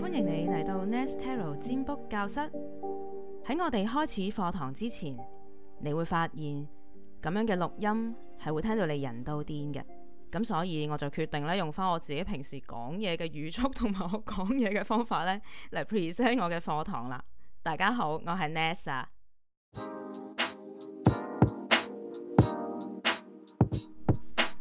歡迎你嚟到 Nestero 占卜教室。喺我哋開始課堂之前，你會發現咁樣嘅錄音係會聽到你人都癲嘅。咁所以我就決定咧用返我自己平時講嘢嘅語速同埋我講嘢嘅方法咧嚟 present 我嘅課堂啦。大家好，我係 Nest。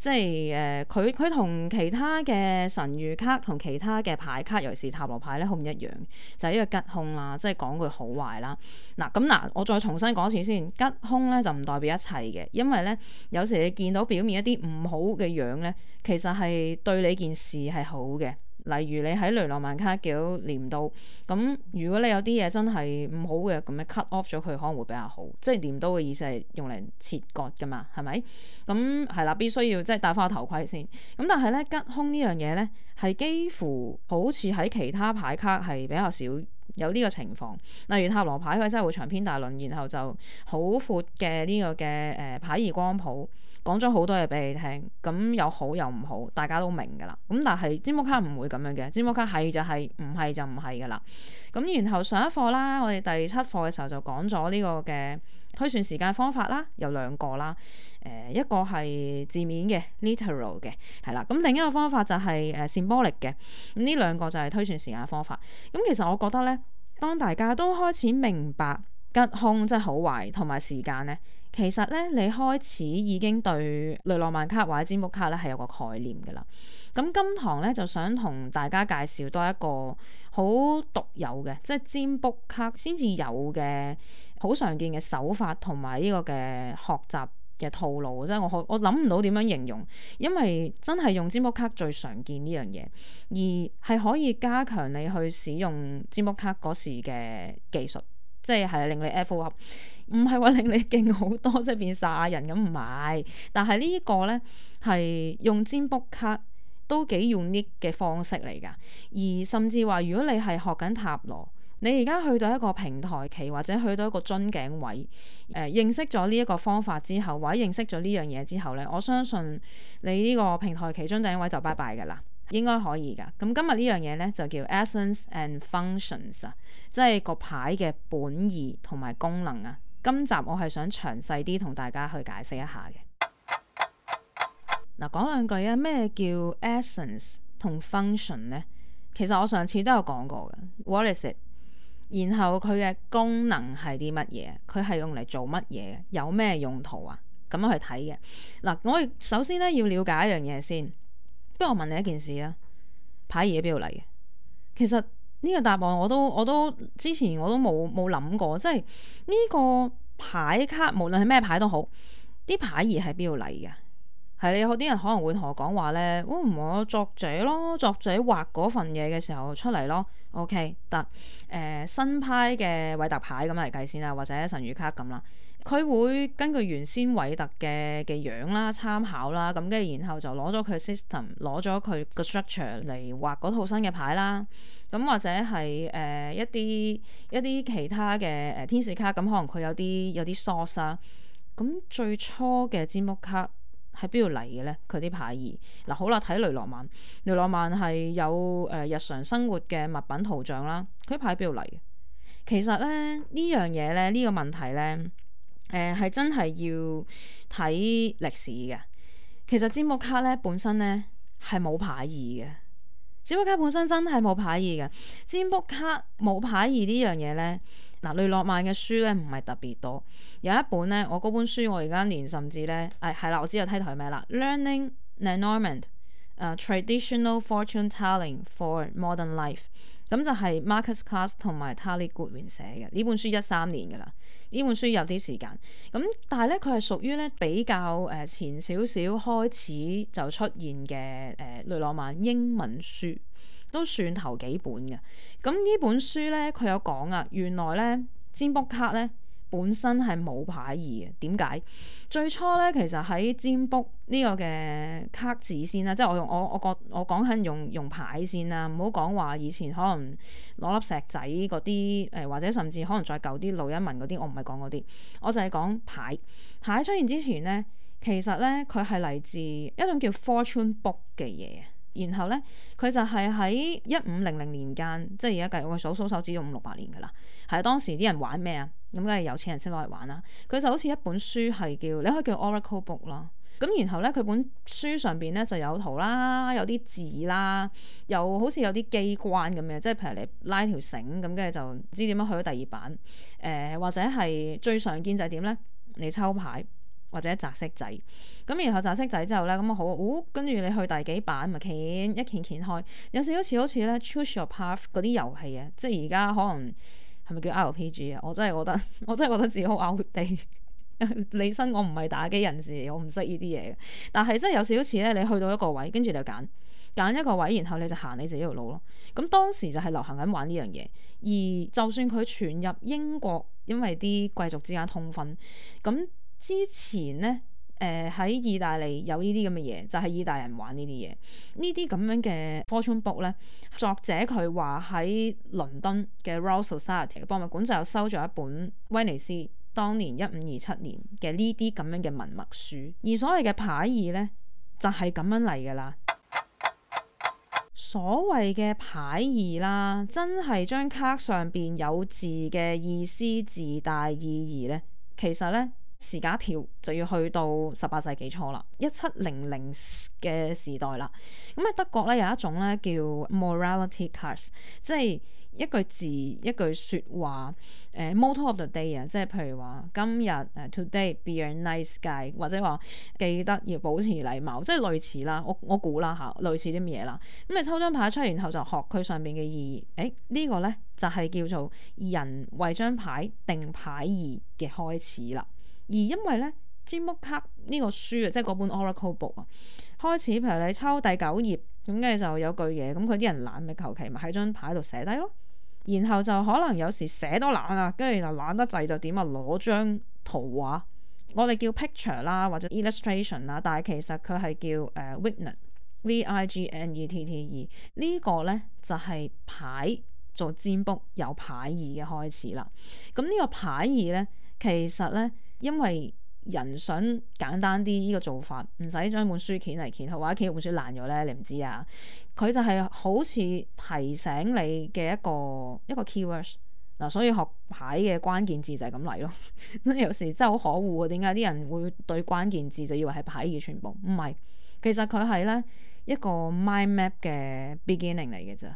即係誒，佢佢同其他嘅神諭卡同其他嘅牌卡，尤其是塔羅牌咧，好唔一樣。就係因為吉凶啦，即係講句好壞啦。嗱咁嗱，我再重新講一次先，吉凶咧就唔代表一切嘅。因為咧有時你見到表面一啲唔好嘅樣咧，其實係對你件事係好嘅。例如你喺雷諾曼卡叫鐮刀，咁如果你有啲嘢真係唔好嘅，咁樣 cut off 咗佢，可能會比較好。即係鐮刀嘅意思係用嚟切割噶嘛，係咪？咁係啦，必須要即係戴翻個頭盔先。咁但係咧吉凶呢樣嘢咧，係幾乎好似喺其他牌卡係比較少有呢個情況。例如塔羅牌，佢真係會長篇大論，然後就好闊嘅呢個嘅誒牌意光譜。講咗好多嘢俾你聽，咁有好有唔好，大家都明嘅啦。咁但係詹姆卡唔會咁樣嘅，詹姆卡係就係唔係就唔係嘅啦。咁然後上一課啦，我哋第七課嘅時候就講咗呢個嘅推算時間方法啦，有兩個啦。誒、呃、一個係字面嘅 literal 嘅，係啦。咁另一個方法就係誒 symbolic 嘅。咁呢兩個就係推算時間方法。咁其實我覺得咧，當大家都開始明白。吉凶即係好壞，同埋時間呢。其實咧，你開始已經對雷諾曼卡或者占卜卡咧係有個概念噶啦。咁今堂咧就想同大家介紹多一個好獨有嘅，即係占卜卡先至有嘅好常見嘅手法，同埋呢個嘅學習嘅套路。即係我我諗唔到點樣形容，因為真係用占卜卡最常見呢樣嘢，而係可以加強你去使用占卜卡嗰時嘅技術。即係令你 fit 合，唔係話令你勁好多，即係變晒人咁，唔係。但係呢個呢，係用占卜卡都幾用 unique 嘅方式嚟噶。而甚至話，如果你係學緊塔羅，你而家去到一個平台期或者去到一個樽頸位，誒、呃，認識咗呢一個方法之後，或者認識咗呢樣嘢之後呢，我相信你呢個平台期樽頸位就拜拜噶啦。應該可以㗎。咁今日呢樣嘢呢，就叫 Essence and Functions 啊，即係個牌嘅本意同埋功能啊。今集我係想詳細啲同大家去解釋一下嘅。嗱，講 兩句啊，咩叫 Essence 同 Function 呢？其實我上次都有講過嘅，What is it？然後佢嘅功能係啲乜嘢？佢係用嚟做乜嘢？有咩用途啊？咁樣去睇嘅。嗱，我首先呢，要了解一樣嘢先。不如我問你一件事啊，牌義喺邊度嚟嘅？其實呢個答案我都我都之前我都冇冇諗過，即係呢個牌卡無論係咩牌都好，啲牌義喺邊度嚟嘅？係你，有啲人可能會同我講話咧，我唔係我作者咯，作者畫嗰份嘢嘅時候出嚟咯。OK，得誒、呃、新派嘅韋達牌咁嚟計先啦，或者神諭卡咁啦。佢會根據原先韋特嘅嘅樣啦，參考啦，咁跟住然後就攞咗佢 system，攞咗佢個 structure 嚟畫嗰套新嘅牌啦。咁或者係誒、呃、一啲一啲其他嘅誒、呃、天使卡，咁可能佢有啲有啲 source 啊。咁最初嘅占卜卡喺邊度嚟嘅呢，佢啲牌嗱、啊、好啦，睇雷諾曼。雷諾曼係有誒、呃、日常生活嘅物品圖像啦。佢啲牌喺邊度嚟？其實咧呢樣嘢咧呢、呢個問題咧。誒係、呃、真係要睇歷史嘅，其實占卜卡咧本身咧係冇牌意嘅，占卜卡本身真係冇牌意嘅。占卜卡冇牌意呢樣嘢咧，嗱，雷諾曼嘅書咧唔係特別多，有一本咧，我嗰本書我而家連甚至咧，誒係啦，我知我 title 係咩啦，Learning Lenormand Traditional fortune telling for modern life，咁就係 Marcus Cass 同埋 Tali Goodwin 寫嘅。呢本書一三年嘅啦，呢本書有啲時間咁，但係咧佢係屬於咧比較誒前少少開始就出現嘅誒雷浪漫英文書，都算頭幾本嘅。咁呢本書咧佢有講啊，原來咧占卜卡咧。本身係冇牌義嘅，點解？最初咧，其實喺占卜呢個嘅卡字先啦，即係我，我，我，我用我我覺我講緊用用牌先啦，唔好講話以前可能攞粒石仔嗰啲誒，或者甚至可能再舊啲老一文嗰啲，我唔係講嗰啲，我就係講牌。牌出現之前咧，其實咧佢係嚟自一種叫 Fortune Book 嘅嘢。然後咧，佢就係喺一五零零年間，即係而家計，我數數手指用五六百年㗎啦。係當時啲人玩咩啊？咁梗係有錢人先攞嚟玩啦。佢就好似一本書，係叫你可以叫 Oracle Book 咯。咁然後咧，佢本書上邊咧就有圖啦，有啲字啦，又好似有啲機關咁嘅，即係譬如你拉條繩咁，跟住就唔知點樣去到第二版。誒、呃、或者係最常見就係點咧？你抽牌。或者摘色仔咁，然後摘色仔之後呢，咁、嗯、啊好，跟、哦、住你去第幾版咪鉸、嗯、一鉸鉸開有少少似好似咧 Choose Your Path 嗰啲遊戲啊，即係而家可能係咪叫 RPG 啊？我真係覺得我真係覺得自己好 out 地。 你身我唔係打機人士，我唔識呢啲嘢，但係真係有少少似咧，你去到一個位，跟住就揀揀一個位，然後你就行你自己條路咯。咁當時就係流行緊玩呢樣嘢，而就算佢傳入英國，因為啲貴族之間通婚咁。之前呢，誒、呃、喺意大利有呢啲咁嘅嘢，就係、是、意大利人玩呢啲嘢。呢啲咁樣嘅 fortune book 咧，作者佢話喺倫敦嘅 Royal Society 嘅博物館就有收咗一本威尼斯當年一五二七年嘅呢啲咁樣嘅文物書。而所謂嘅牌義呢，就係、是、咁樣嚟噶啦。所謂嘅牌義啦，真係張卡上邊有字嘅意思，字帶意義呢，其實呢。時間一跳就要去到十八世紀初啦，一七零零嘅時代啦。咁喺德國咧有一種咧叫 morality cards，即係一句字一句說話誒、呃、motor of the day 啊，即係譬如話今日誒 today be a nice guy 或者話記得要保持禮貌，即係類似啦。我我估啦吓，類似啲乜嘢啦。咁你抽張牌出，然後就學佢上邊嘅意義。誒、欸這個、呢個咧就係叫做人為張牌定牌義嘅開始啦。而因為咧，占卜卡呢個書啊，即係嗰本 Oracle book 啊，開始譬如你抽第九頁咁，跟住就有句嘢，咁佢啲人懶咪求其咪喺張牌度寫低咯，然後就可能有時寫都懶啊，跟住就懶得滯就點啊，攞張圖畫，我哋叫 picture 啦，或者 illustration 啦，但係其實佢係叫誒 vignette，v i g n e t t e 個呢個咧就係、是、牌做占卜有牌意嘅開始啦。咁、這、呢個牌意咧，其實咧，因為人想簡單啲，呢個做法唔使將本書攣嚟攣去，或者企本書爛咗咧，你唔知啊。佢就係好似提醒你嘅一個一個 keywords 嗱，啊，所以學牌嘅關鍵字就係咁嚟咯。真 係有時真係好可惡啊！點解啲人會對關鍵字就以為係牌嘅全部？唔係，其實佢係咧一個 mind map 嘅 beginning 嚟嘅啫。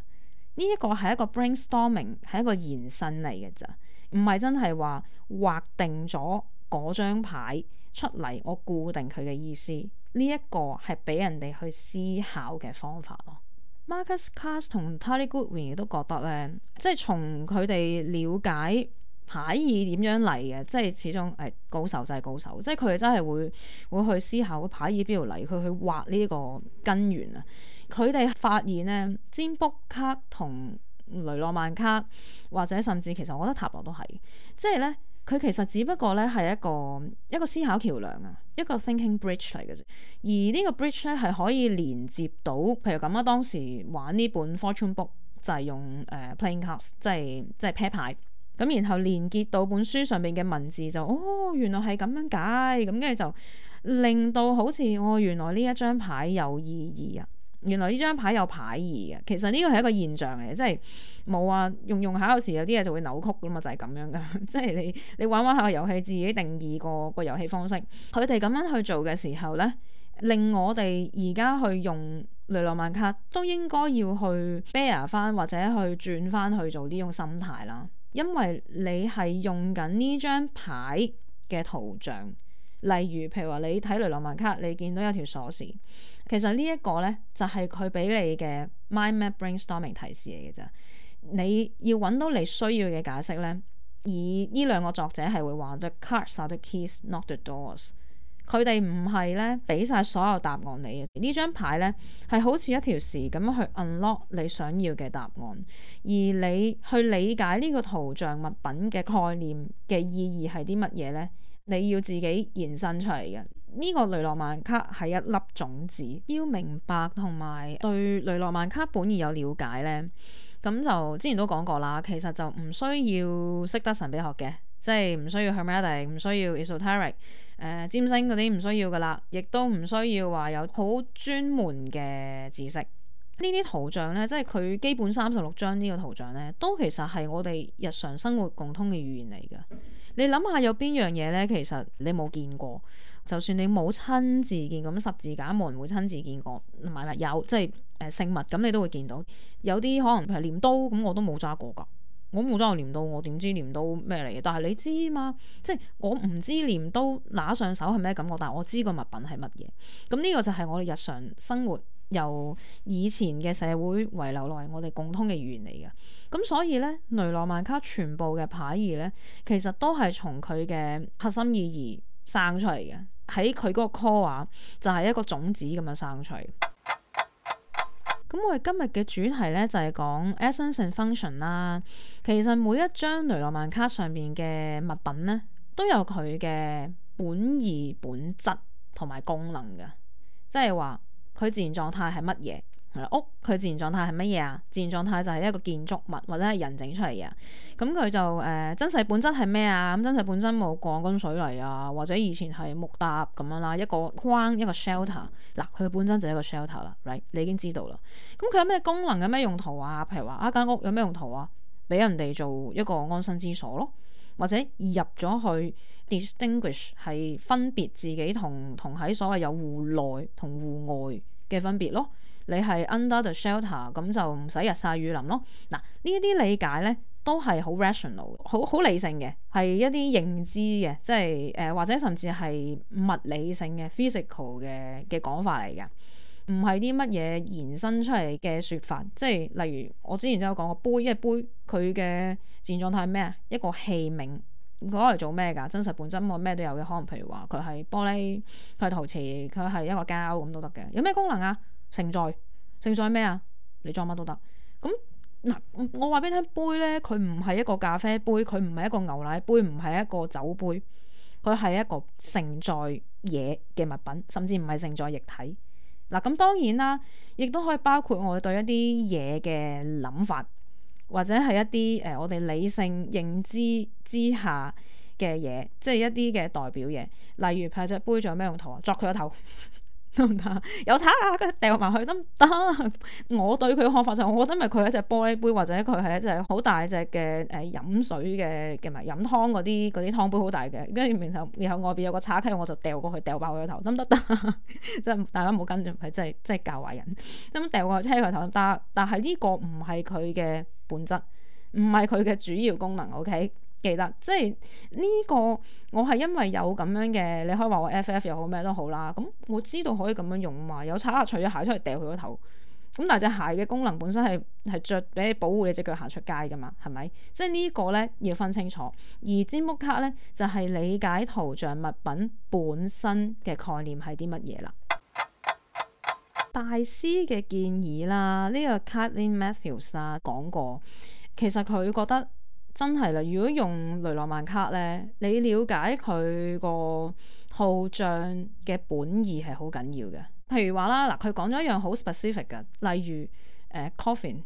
呢一個係一個 brainstorming，係一個延伸嚟嘅咋。唔係真係話畫定咗嗰張牌出嚟，我固定佢嘅意思。呢一個係俾人哋去思考嘅方法咯。Marcus Katz 同 Tali Goodwin 都覺得呢，即係從佢哋了解牌意點樣嚟嘅，即係始終誒高手就係高手，即係佢哋真係會會去思考牌意邊度嚟，佢去畫呢個根源啊。佢哋發現呢，占卜卡同雷諾曼卡或者甚至其實我覺得塔羅都係，即係咧佢其實只不過咧係一個一個思考橋樑啊，一個 thinking bridge 嚟嘅啫。而呢個 bridge 咧係可以連接到，譬如咁啊，當時玩呢本 fortune book 就係用誒、uh, playing cards，即係即係 pair 牌咁，然後連接到本書上邊嘅文字就哦，原來係咁樣解，咁跟住就令到好似哦，原來呢一張牌有意義啊！原來呢張牌有牌義嘅，其實呢個係一個現象嚟，即係冇啊，用用下有時有啲嘢就會扭曲噶嘛，就係、是、咁樣噶，即係你你玩玩下個遊戲，自己定義個個遊戲方式。佢哋咁樣去做嘅時候呢，令我哋而家去用雷諾曼卡都應該要去 bear 翻或者去轉翻去做呢種心態啦，因為你係用緊呢張牌嘅圖像。例如，譬如話你睇《雷諾曼卡》，你見到有條鎖匙，其實呢一個呢，就係佢俾你嘅 mind map brainstorming 提示嚟嘅咋，你要揾到你需要嘅解釋呢？而呢兩個作者係會話 the cards are the keys, not the doors。佢哋唔係呢，俾晒所有答案你。呢張牌呢，係好似一條匙咁樣去 unlock 你想要嘅答案，而你去理解呢個圖像物品嘅概念嘅意義係啲乜嘢呢？你要自己延伸出嚟嘅，呢個雷諾曼卡係一粒種子，要明白同埋對雷諾曼卡本意有了解呢。咁就之前都講過啦，其實就唔需要識得神秘學嘅，即係唔需要 Hermetic，唔需要 Esoteric，誒、呃、占星嗰啲唔需要噶啦，亦都唔需要話有好專門嘅知識。呢啲圖像咧，即係佢基本三十六張呢個圖像咧，都其實係我哋日常生活共通嘅語言嚟噶。你諗下有邊樣嘢咧，其實你冇見過，就算你冇親自見咁十字架，冇人會親自見過。唔係唔係，有即係誒聖物咁，你都會見到。有啲可能係鐮刀咁，我都冇揸過噶。我冇揸過鐮刀，我點知鐮刀咩嚟嘅？但係你知嘛？即係我唔知鐮刀拿上手係咩感覺，但我知個物品係乜嘢。咁呢個就係我哋日常生活。由以前嘅社會遺留落嚟，我哋共通嘅語言嚟嘅。咁所以呢，雷諾曼卡全部嘅牌意呢，其實都係從佢嘅核心意義生出嚟嘅。喺佢嗰個 core、啊、就係、是、一個種子咁樣生出嚟。咁 我哋今日嘅主題呢，就係、是、講 essence and function 啦。其實每一張雷諾曼卡上面嘅物品呢，都有佢嘅本意、本質同埋功能嘅，即係話。佢自然狀態係乜嘢？屋，佢自然狀態係乜嘢啊？自然狀態就係一個建築物或者係人整出嚟嘅。咁佢就誒、呃、真實本質係咩啊？咁真實本身冇鋼筋水泥啊，或者以前係木搭咁樣啦，一個框一個 shelter。嗱，佢本身就係一個 shelter 啦，right？你已經知道啦。咁佢有咩功能？有咩用途啊？譬如話一間屋有咩用途啊？俾人哋做一個安身之所咯。或者入咗去 distinguish 係分別自己同同喺所謂有戶內同戶外嘅分別咯，你係 under the shelter 咁就唔使日曬雨淋咯。嗱，呢一啲理解呢都係好 rational，好好理性嘅，係一啲認知嘅，即係誒、呃、或者甚至係物理性嘅 physical 嘅嘅講法嚟嘅。唔係啲乜嘢延伸出嚟嘅說法，即係例如我之前都有講過杯，一個杯佢嘅自然狀態係咩啊？一個器皿攞嚟做咩噶？真實本質我咩都有嘅，可能譬如話佢係玻璃，佢係陶瓷，佢係一個膠咁都得嘅。有咩功能啊？盛載盛載咩啊？你裝乜都得咁嗱。我話俾你聽，杯咧佢唔係一個咖啡杯，佢唔係一個牛奶杯，唔係一個酒杯，佢係一個盛載嘢嘅物品，甚至唔係盛載液體。嗱，咁當然啦，亦都可以包括我對一啲嘢嘅諗法，或者係一啲誒我哋理性認知之下嘅嘢，即係一啲嘅代表嘢，例如派隻杯仲有咩用途啊？作佢個頭。 得唔得？有茶啊，跟住掉埋去得唔得？我對佢看法就我覺得，咪佢係一隻玻璃杯，或者佢係一隻好大隻嘅誒飲水嘅嘅，唔係飲湯嗰啲啲湯杯好大嘅。跟住面頭然後外邊有個茶鈎，我就掉過去，掉爆佢頭得唔得？即係大家唔好跟住係即係即係教壞人咁掉過去車佢頭得。但係呢個唔係佢嘅本質，唔係佢嘅主要功能。O K。記得，即係呢、這個我係因為有咁樣嘅，你可以話我 F F 又好咩都好啦。咁我知道可以咁樣用嘛，有拆下除咗鞋出嚟掉佢個頭。咁但係隻鞋嘅功能本身係係著俾你保護你隻腳行出街㗎嘛，係咪？即係呢個呢要分清楚。而詹姆卡呢就係、是、理解圖像物品本身嘅概念係啲乜嘢啦。 大師嘅建議啦，呢、這個 Caroline Matthews 啦講過，其實佢覺得。真係啦，如果用雷諾曼卡咧，你了解佢個套象嘅本意係好緊要嘅。譬如話啦，嗱佢講咗一樣好 specific 嘅，例如 coffin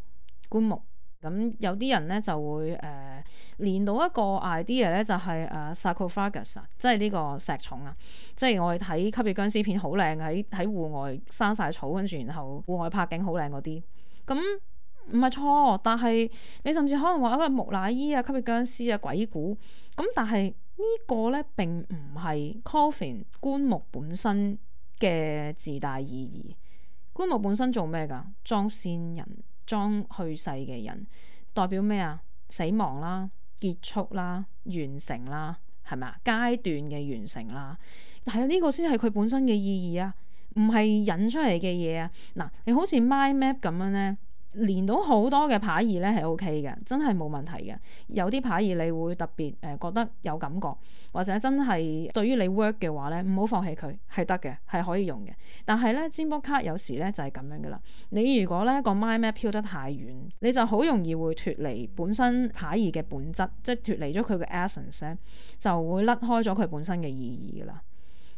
棺木。咁、呃、有啲人咧就會誒、呃、連到一個 idea 咧、就係，就、呃、係誒 sarcophagus，即係呢個石重啊，即係我哋睇吸血僵屍片好靚，喺喺戶外生晒草，跟住然後戶外拍景好靚嗰啲，咁。唔係錯，但係你甚至可能話一個木乃伊啊、吸血僵屍啊、鬼故。咁，但係呢個咧並唔係 coffin 棺木本身嘅自帶意義。棺木本身做咩噶？裝先人、裝去世嘅人，代表咩啊？死亡啦、結束啦、完成啦，係咪啊？階段嘅完成啦，係啊，呢個先係佢本身嘅意義啊，唔係引出嚟嘅嘢啊。嗱，你好似 mind map 咁樣咧。連到好多嘅牌意咧係 O K 嘅，真係冇問題嘅。有啲牌意你會特別誒、呃、覺得有感覺，或者真係對於你 work 嘅話咧，唔好放棄佢係得嘅，係可，可以用嘅。但係咧，占卜卡有時咧就係咁樣噶啦。你如果咧個 mind map 飄得太遠，你就好容易會脫離本身牌意嘅本質，即係脫離咗佢嘅 essence，就會甩開咗佢本身嘅意義啦。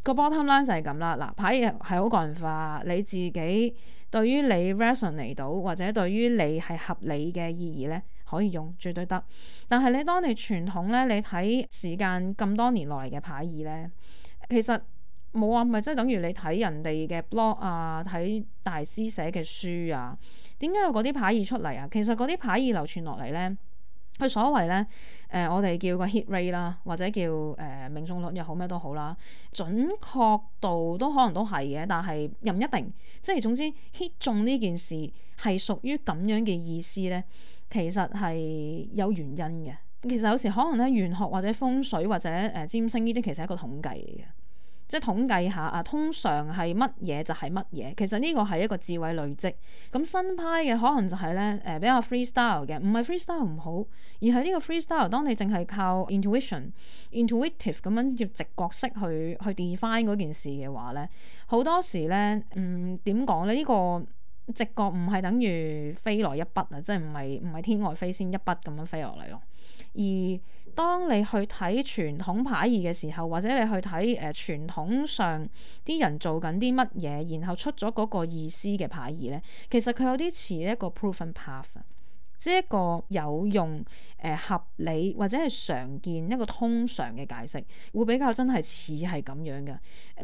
個 bottom line 就係咁啦。嗱，牌意係好個人化，你自己對於你 resonate 嚟到或者對於你係合理嘅意義咧，可以用絕對得。但係你當你傳統咧，你睇時間咁多年落嚟嘅牌意咧，其實冇啊，咪即係等於你睇人哋嘅 blog 啊，睇大師寫嘅書啊，點解有嗰啲牌意出嚟啊？其實嗰啲牌意流傳落嚟咧。佢所謂咧，誒、呃、我哋叫個 hit rate 啦，或者叫誒、呃、命中率又好咩都好啦，準確度都可能都係嘅，但係又唔一定。即係總之 hit 中呢件事係屬於咁樣嘅意思咧，其實係有原因嘅。其實有時可能咧，玄學或者風水或者誒占星呢啲，其實係一個統計嚟嘅。即係統計下啊，通常係乜嘢就係乜嘢。其實呢個係一個智慧累積。咁新派嘅可能就係咧，誒比較 freestyle 嘅。唔係 freestyle 唔好，而係呢個 freestyle，當你淨係靠 intuition、intuitive 咁樣叫直覺式去去 define 嗰件事嘅話咧，好多時咧，嗯，點講咧？呢個直覺唔係等於飛來一筆啊，即係唔係唔係天外飛仙一筆咁樣飛落嚟咯。而當你去睇傳統牌意嘅時候，或者你去睇誒傳統上啲人做緊啲乜嘢，然後出咗嗰個意思嘅牌意呢，其實佢有啲似一個 proven path。即係一個有用、誒、呃、合理或者係常見一個通常嘅解釋，會比較真係似係咁樣嘅。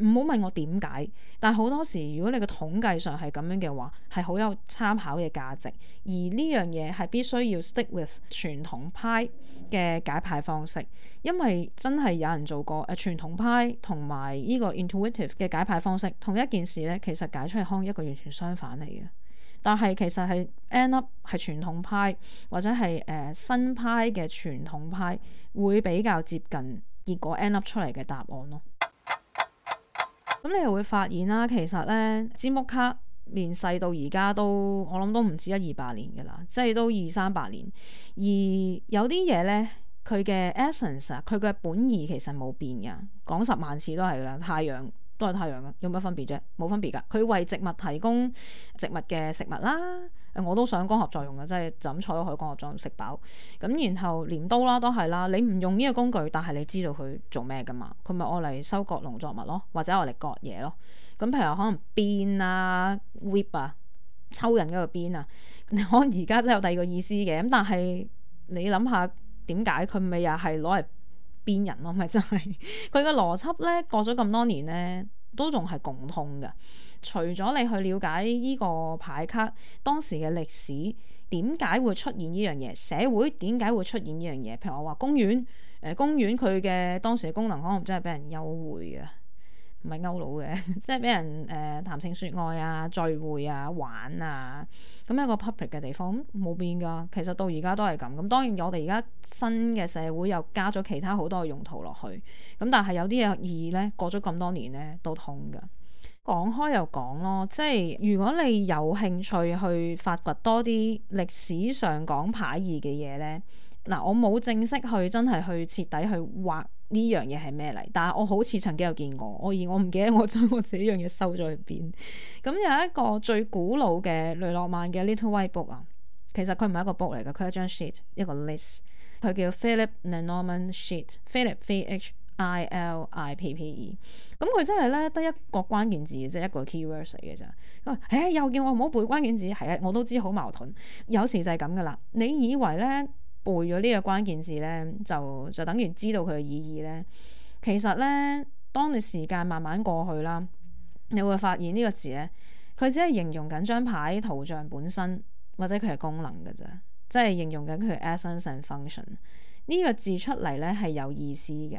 唔好問我點解，但係好多時如果你個統計上係咁樣嘅話，係好有參考嘅價值。而呢樣嘢係必須要 stick with 傳統派嘅解牌方式，因為真係有人做過誒、呃、傳統派同埋呢個 intuitive 嘅解牌方式，同一件事呢，其實解出嚟可能一個完全相反嚟嘅。但係其實係 end up 係傳統派或者係誒、呃、新派嘅傳統派會比較接近結果 end up 出嚟嘅答案咯。咁 你又會發現啦，其實咧，占卜卡面世到而家都我諗都唔止一二百年㗎啦，即係都二三百年。而有啲嘢咧，佢嘅 essence，佢嘅本意其實冇變㗎，講十萬次都係啦，太陽。都係太陽啊，有乜分別啫？冇分別噶，佢為植物提供植物嘅食物啦。我都想光合作用嘅，即係就咁坐喺佢光合作用食飽。咁然後鐮刀啦，都係啦。你唔用呢個工具，但係你知道佢做咩噶嘛？佢咪愛嚟收割農作物咯，或者愛嚟割嘢咯。咁譬如可能鞭啊、whip 啊、抽人嗰個鞭啊，可能而家真有第二個意思嘅。咁但係你諗下點解佢咪又係攞嚟？邊人咯，啊，咪真係佢嘅邏輯呢？過咗咁多年呢，都仲係共通嘅。除咗你去了解呢個牌卡當時嘅歷史，點解會出現呢樣嘢？社會點解會出現呢樣嘢？譬如我話公園，誒、呃，公園佢嘅當時嘅功能可能真係俾人優惠嘅。唔係勾佬嘅， 即係俾人誒、呃、談情説愛啊、聚會啊、玩啊，咁一個 public 嘅地方，冇變㗎。其實到而家都係咁。咁當然我哋而家新嘅社會又加咗其他好多用途落去。咁但係有啲嘢二咧，過咗咁多年咧都痛㗎。講開又講咯，即係如果你有興趣去發掘多啲歷史上講牌二嘅嘢咧，嗱，我冇正式去真係去徹底去畫。呢樣嘢係咩嚟？但係我好似曾經有見過，我而我唔記得我將我自己樣嘢收咗在邊。咁、 嗯、有一個最古老嘅雷諾曼嘅 Little White Book 啊，其實佢唔係一個 book 嚟嘅，佢係一張 sheet，一個 list，佢叫 Ph et, Philip Norman Sheet，Philip P H I L I P P E。咁、嗯、佢真係咧得一個關鍵字，即係一個 keywords 嚟嘅咋。佢話誒、欸、又叫我唔好背關鍵字，係啊我都知好矛盾，有時就係咁噶啦。你以為咧？背咗呢個關鍵字呢，就就等於知道佢嘅意義呢。其實呢，當你時間慢慢過去啦，你會發現呢個字呢，佢只係形容緊張牌圖像本身，或者佢係功能嘅啫，即係形容緊佢 essence and function。呢個字出嚟呢係有意思嘅。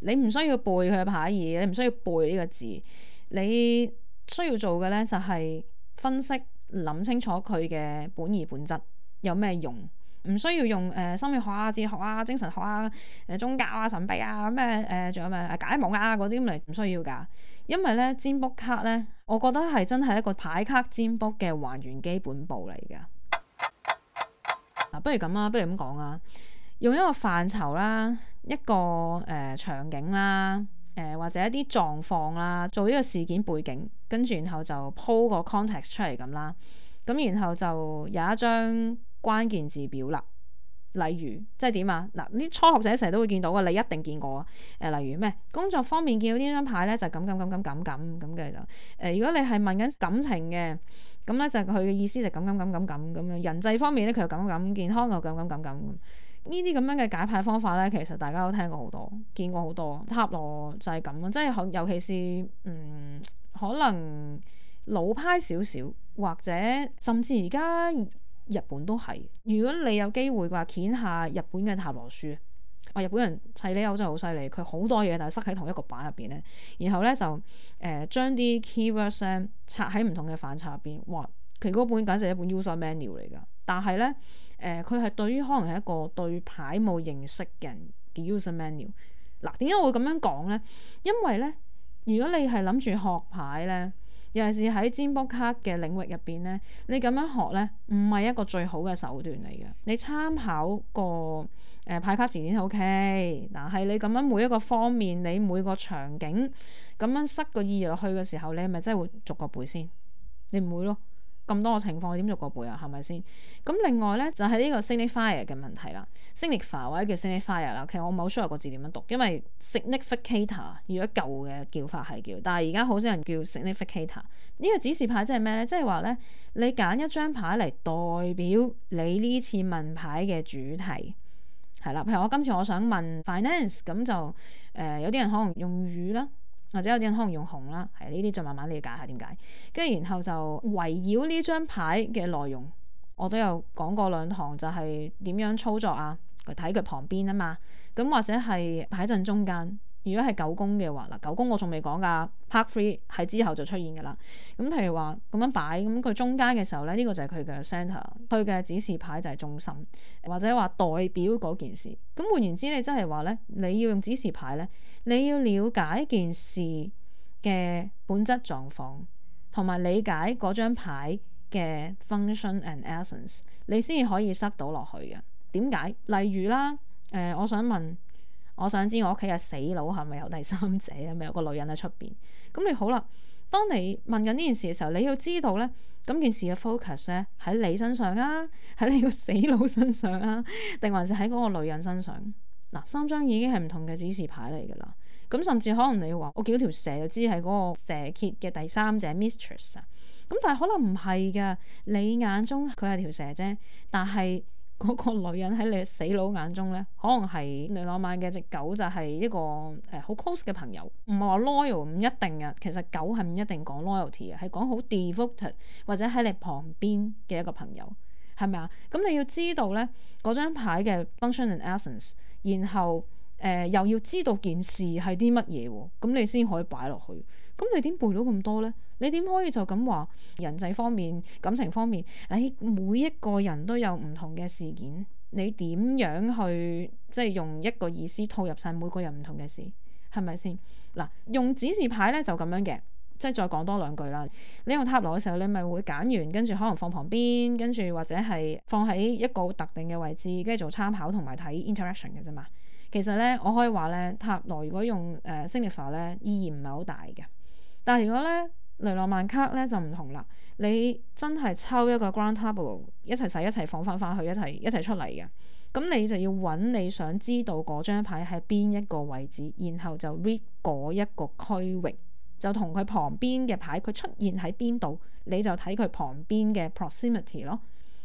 你唔需要背佢嘅牌意，你唔需要背呢個字，你需要做嘅呢，就係分析，諗清楚佢嘅本意、本質有咩用。唔需要用誒心理學啊、哲學啊、精神學啊、誒宗教啊、神秘啊、咩誒，仲有咩解夢啊嗰啲嚟，唔需要噶。因為咧，占卜卡咧，我覺得係真係一個牌卡占卜嘅還原基本步嚟噶。嗱，不如咁啊，不如咁講啊，啊，用一個範疇啦，一個誒、呃、場景啦，誒、呃、或者一啲狀況啦，做呢個事件背景，跟住然後就鋪個 context 出嚟咁啦。咁然後就有一張。關鍵字表啦，例如即係點啊？嗱，啲初學者成日都會見到嘅，你一定見過啊！誒、呃，例如咩工作方面見到呢張牌咧，就咁咁咁咁咁咁咁嘅就誒，如果你係問緊感情嘅，咁咧就佢嘅意思就咁咁咁咁咁咁。人際方面咧，佢又咁咁健康嘅，咁咁咁咁。呢啲咁樣嘅解牌方法咧，其實大家都聽過好多，見過好多。塔羅就係咁啊，即係尤其是嗯，可能老派少少，或者甚至而家。日本都係，如果你有機會嘅話，鉗下日本嘅塔羅書，哇！日本人砌呢友真係好犀利，佢好多嘢，但係塞喺同一個版入邊咧。然後咧就誒將啲 key words 拆喺唔同嘅反側入邊，哇！佢嗰本簡直係一本 user manual 嚟㗎。但係咧誒，佢係對於可能係一個對牌冇認識嘅人嘅 user manual。嗱，點解我會咁樣講咧？因為咧，如果你係諗住學牌咧。尤其是喺占卜卡嘅領域入邊咧，你咁樣學咧，唔係一個最好嘅手段嚟嘅。你參考、個誒派、呃、卡詞典 OK 但係你咁樣每一個方面，你每個場景咁樣塞個意落去嘅時候，你咪真係會逐個背先，你唔會咯。咁多個情況，你點做個背啊？係咪先？咁另外咧，就係、是、呢個 signifier 嘅問題啦。signifier 或者叫 signifier 啦，其實我冇 sure 個字點樣讀，因為 significator 如果舊嘅叫法係叫，但係而家好少人叫 significator。呢、這個指示牌即係咩咧？即係話咧，你揀一張牌嚟代表你呢次問牌嘅主題，係啦。譬如我今次我想問 finance，咁就誒、呃、有啲人可能用語啦。或者有啲人可能用紅啦，係呢啲就慢慢理解下點解，跟住然後就圍繞呢張牌嘅內容，我都有講過兩堂，就係點樣操作啊？睇佢旁邊啊嘛，咁或者係擺陣中間。如果係九宮嘅話，嗱九宮我仲未講㗎，Park Three 喺之後就出現㗎啦。咁譬如話咁樣擺，咁佢中間嘅時候咧，呢、這個就係佢嘅 centre，佢嘅指示牌就係中心，或者話代表嗰件事。咁換言之，你真係話咧，你要用指示牌咧，你要了解件事嘅本質狀況，同埋理解嗰張牌嘅 function and essence，你先至可以塞到落去嘅。點解？例如啦，誒、呃，我想問。我想知我屋企嘅死佬係咪有第三者，係咪有個女人喺出邊？咁你好啦，當你問緊呢件事嘅時候，你要知道咧，咁件事嘅 focus 咧喺你身上啊，喺你個死佬身上啊，定還是喺嗰個女人身上？嗱，三張已經係唔同嘅指示牌嚟噶啦。咁甚至可能你要話，我見到條蛇就知係嗰個蛇蠍嘅第三者 mistress 啊。咁但係可能唔係噶，你眼中佢係條蛇啫，但係。嗰個女人喺你死佬眼中呢，可能係你攞埋嘅隻狗就係一個誒好 close 嘅朋友，唔係話 loyal 唔一定嘅。其實狗係唔一定講 loyalty 嘅，係講好 devoted 或者喺你旁邊嘅一個朋友，係咪啊？咁你要知道呢嗰張牌嘅 function and essence，然後誒、呃、又要知道件事係啲乜嘢，咁你先可以擺落去。咁你點背到咁多呢？你點可以就咁話人際方面、感情方面，你、哎、每一個人都有唔同嘅事件，你點樣去即係用一個意思套入晒每個人唔同嘅事？係咪先？嗱，用指示牌咧就咁樣嘅，即係再講多兩句啦。你用塔羅嘅時候，你咪會揀完跟住可能放旁邊，跟住或者係放喺一個特定嘅位置，跟住做參考同埋睇 interaction 嘅啫嘛。其實咧，我可以話咧，塔羅如果用誒 signifier 咧，意義唔係好大嘅。但係如果咧雷諾曼卡咧就唔同啦，你真係抽一個 grand table 一齊洗一齊放翻翻去一齊一齊出嚟嘅，咁你就要揾你想知道嗰張牌喺邊一個位置，然後就 read 嗰一個區域，就同佢旁邊嘅牌佢出現喺邊度，你就睇佢旁邊嘅 proximity 咯。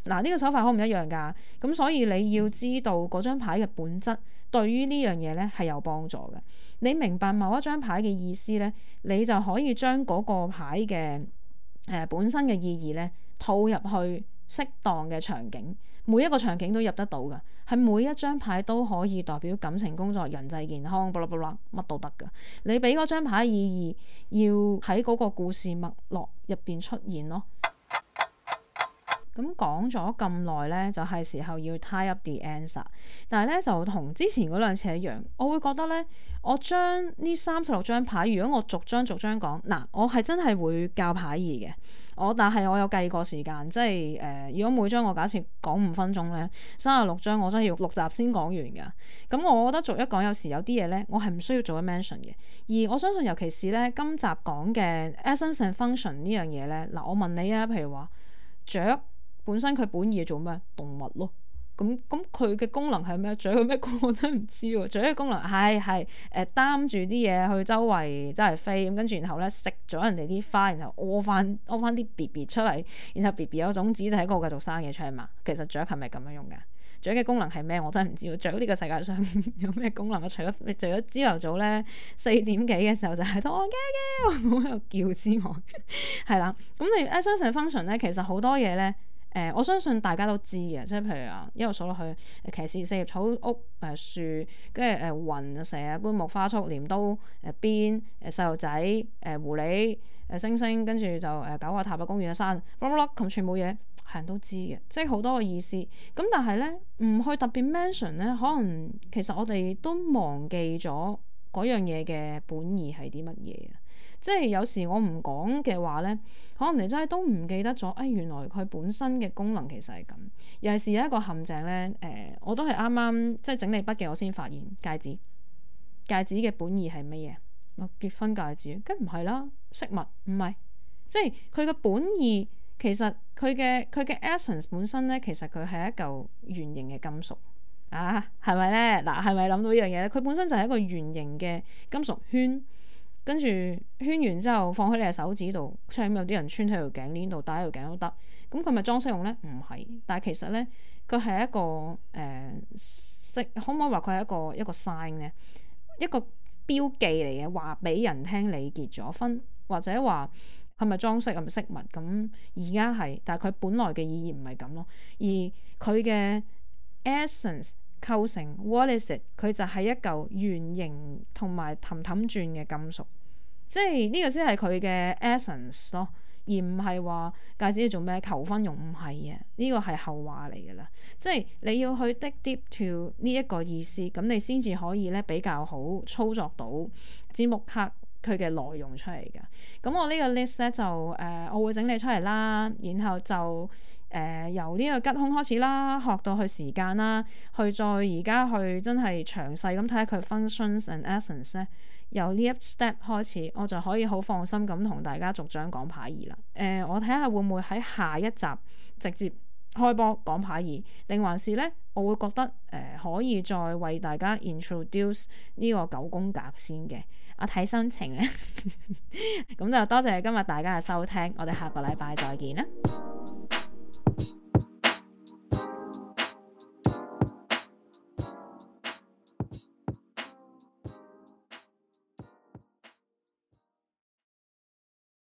嗱，呢個手法好唔一樣噶，咁所以你要知道嗰張牌嘅本質，對於呢樣嘢呢係有幫助嘅。你明白某一張牌嘅意思呢，你就可以將嗰個牌嘅誒、呃、本身嘅意義呢套入去適當嘅場景，每一個場景都入得到嘅，係每一張牌都可以代表感情、工作、人際、健康，卜啦卜啦乜都得嘅。你俾嗰張牌嘅意義要喺嗰個故事脈絡入邊出現咯。咁講咗咁耐呢，就係時候要 tie up the answer。但係呢，就同之前嗰兩次一樣，我會覺得呢，我將呢三十六張牌，如果我逐張逐張講，嗱，我係真係會教牌義嘅。我但係我有計過時間，即係誒、呃，如果每張我假設講五分鐘呢，三十六張我真係要六集先講完㗎。咁我覺得逐一講有時有啲嘢呢，我係唔需要做一 mention 嘅。而我相信尤其是呢，今集講嘅 essential function 呢樣嘢呢，嗱，我問你啊，譬如話雀。本身佢本意做咩？動物咯，咁咁佢嘅功能係咩？雀嘅咩功我真係唔知喎，雀嘅功能係係誒擔住啲嘢去周圍即係飛，咁跟住然後咧食咗人哋啲花，然後屙翻屙翻啲 bb 出嚟，然後 bb 有種子就喺嗰個度生嘅出 h 嘛？其實雀係咪咁樣用噶？雀嘅功能係咩？我真係唔知喎，雀呢個世界上有咩功能？除咗除咗知流早咧四點幾嘅時候就喺度我嘅嘅，我喺度叫之外，係啦，咁你 e s function 咧，其實好多嘢咧。誒、呃，我相信大家都知嘅，即係譬如啊，一路數落去，騎士、四葉草、屋、誒樹，跟住誒雲、蛇、棺木、花束、鐮刀、誒鞭、誒細路仔、誒、呃、狐狸、誒星星，跟住就誒、呃、九個塔嘅公園嘅山，boom 全部嘢係人都知嘅，即係好多嘅意思。咁但係咧，唔去特別 mention 咧，可能其實我哋都忘記咗嗰樣嘢嘅本意係啲乜嘢啊？即係有時我唔講嘅話咧，可能你真係都唔記得咗。哎，原來佢本身嘅功能其實係咁，尤其係一個陷阱咧。誒、呃，我都係啱啱即係整理筆記我先發現戒指，戒指嘅本意係乜嘢？結婚戒指？梗唔係啦，飾物唔係。即係佢嘅本意，其實佢嘅佢嘅 essence 本身咧，其實佢係一嚿圓形嘅金屬。啊，係咪咧？嗱，係咪諗到呢樣嘢咧？佢本身就係一個圓形嘅金屬圈。跟住圈，圈完之後放喺你嘅手指度，即係有啲人穿喺條頸鏈度，戴喺條頸都得。咁佢咪裝飾用呢？唔係。但係其實呢，佢係一個誒色、呃，可唔可以話佢係一個一個 sign 咧？一個標記嚟嘅，話俾人聽你結咗婚，或者話係咪裝飾係咪飾物。咁而家係，但係佢本來嘅意義唔係咁咯。而佢嘅 essence。構成 w a l l a t s 佢就係一嚿圓形同埋氹氹轉嘅金屬，即係呢個先係佢嘅 essence 咯，而唔係話戒指要做咩求婚用，唔係嘅，呢個係後話嚟噶啦，即係你要去 dig deep to 呢一個意思，咁你先至可以咧比較好操作到節目卡，佢嘅內容出嚟㗎，咁我呢個 list 咧就誒、呃，我會整理出嚟啦，然後就誒、呃、由呢個吉凶開始啦，學到去時間啦，去再而家去真係詳細咁睇下佢 functions and essence 咧，由呢一 step 開始，我就可以好放心咁同大家逐張講牌意啦。誒、呃，我睇下會唔會喺下一集直接。開波講牌二，定還是呢？我會覺得誒、呃、可以再為大家 introduce 呢個九宮格先嘅，啊睇心情呢，咁就多謝今日大家嘅收聽，我哋下個禮拜再見啦。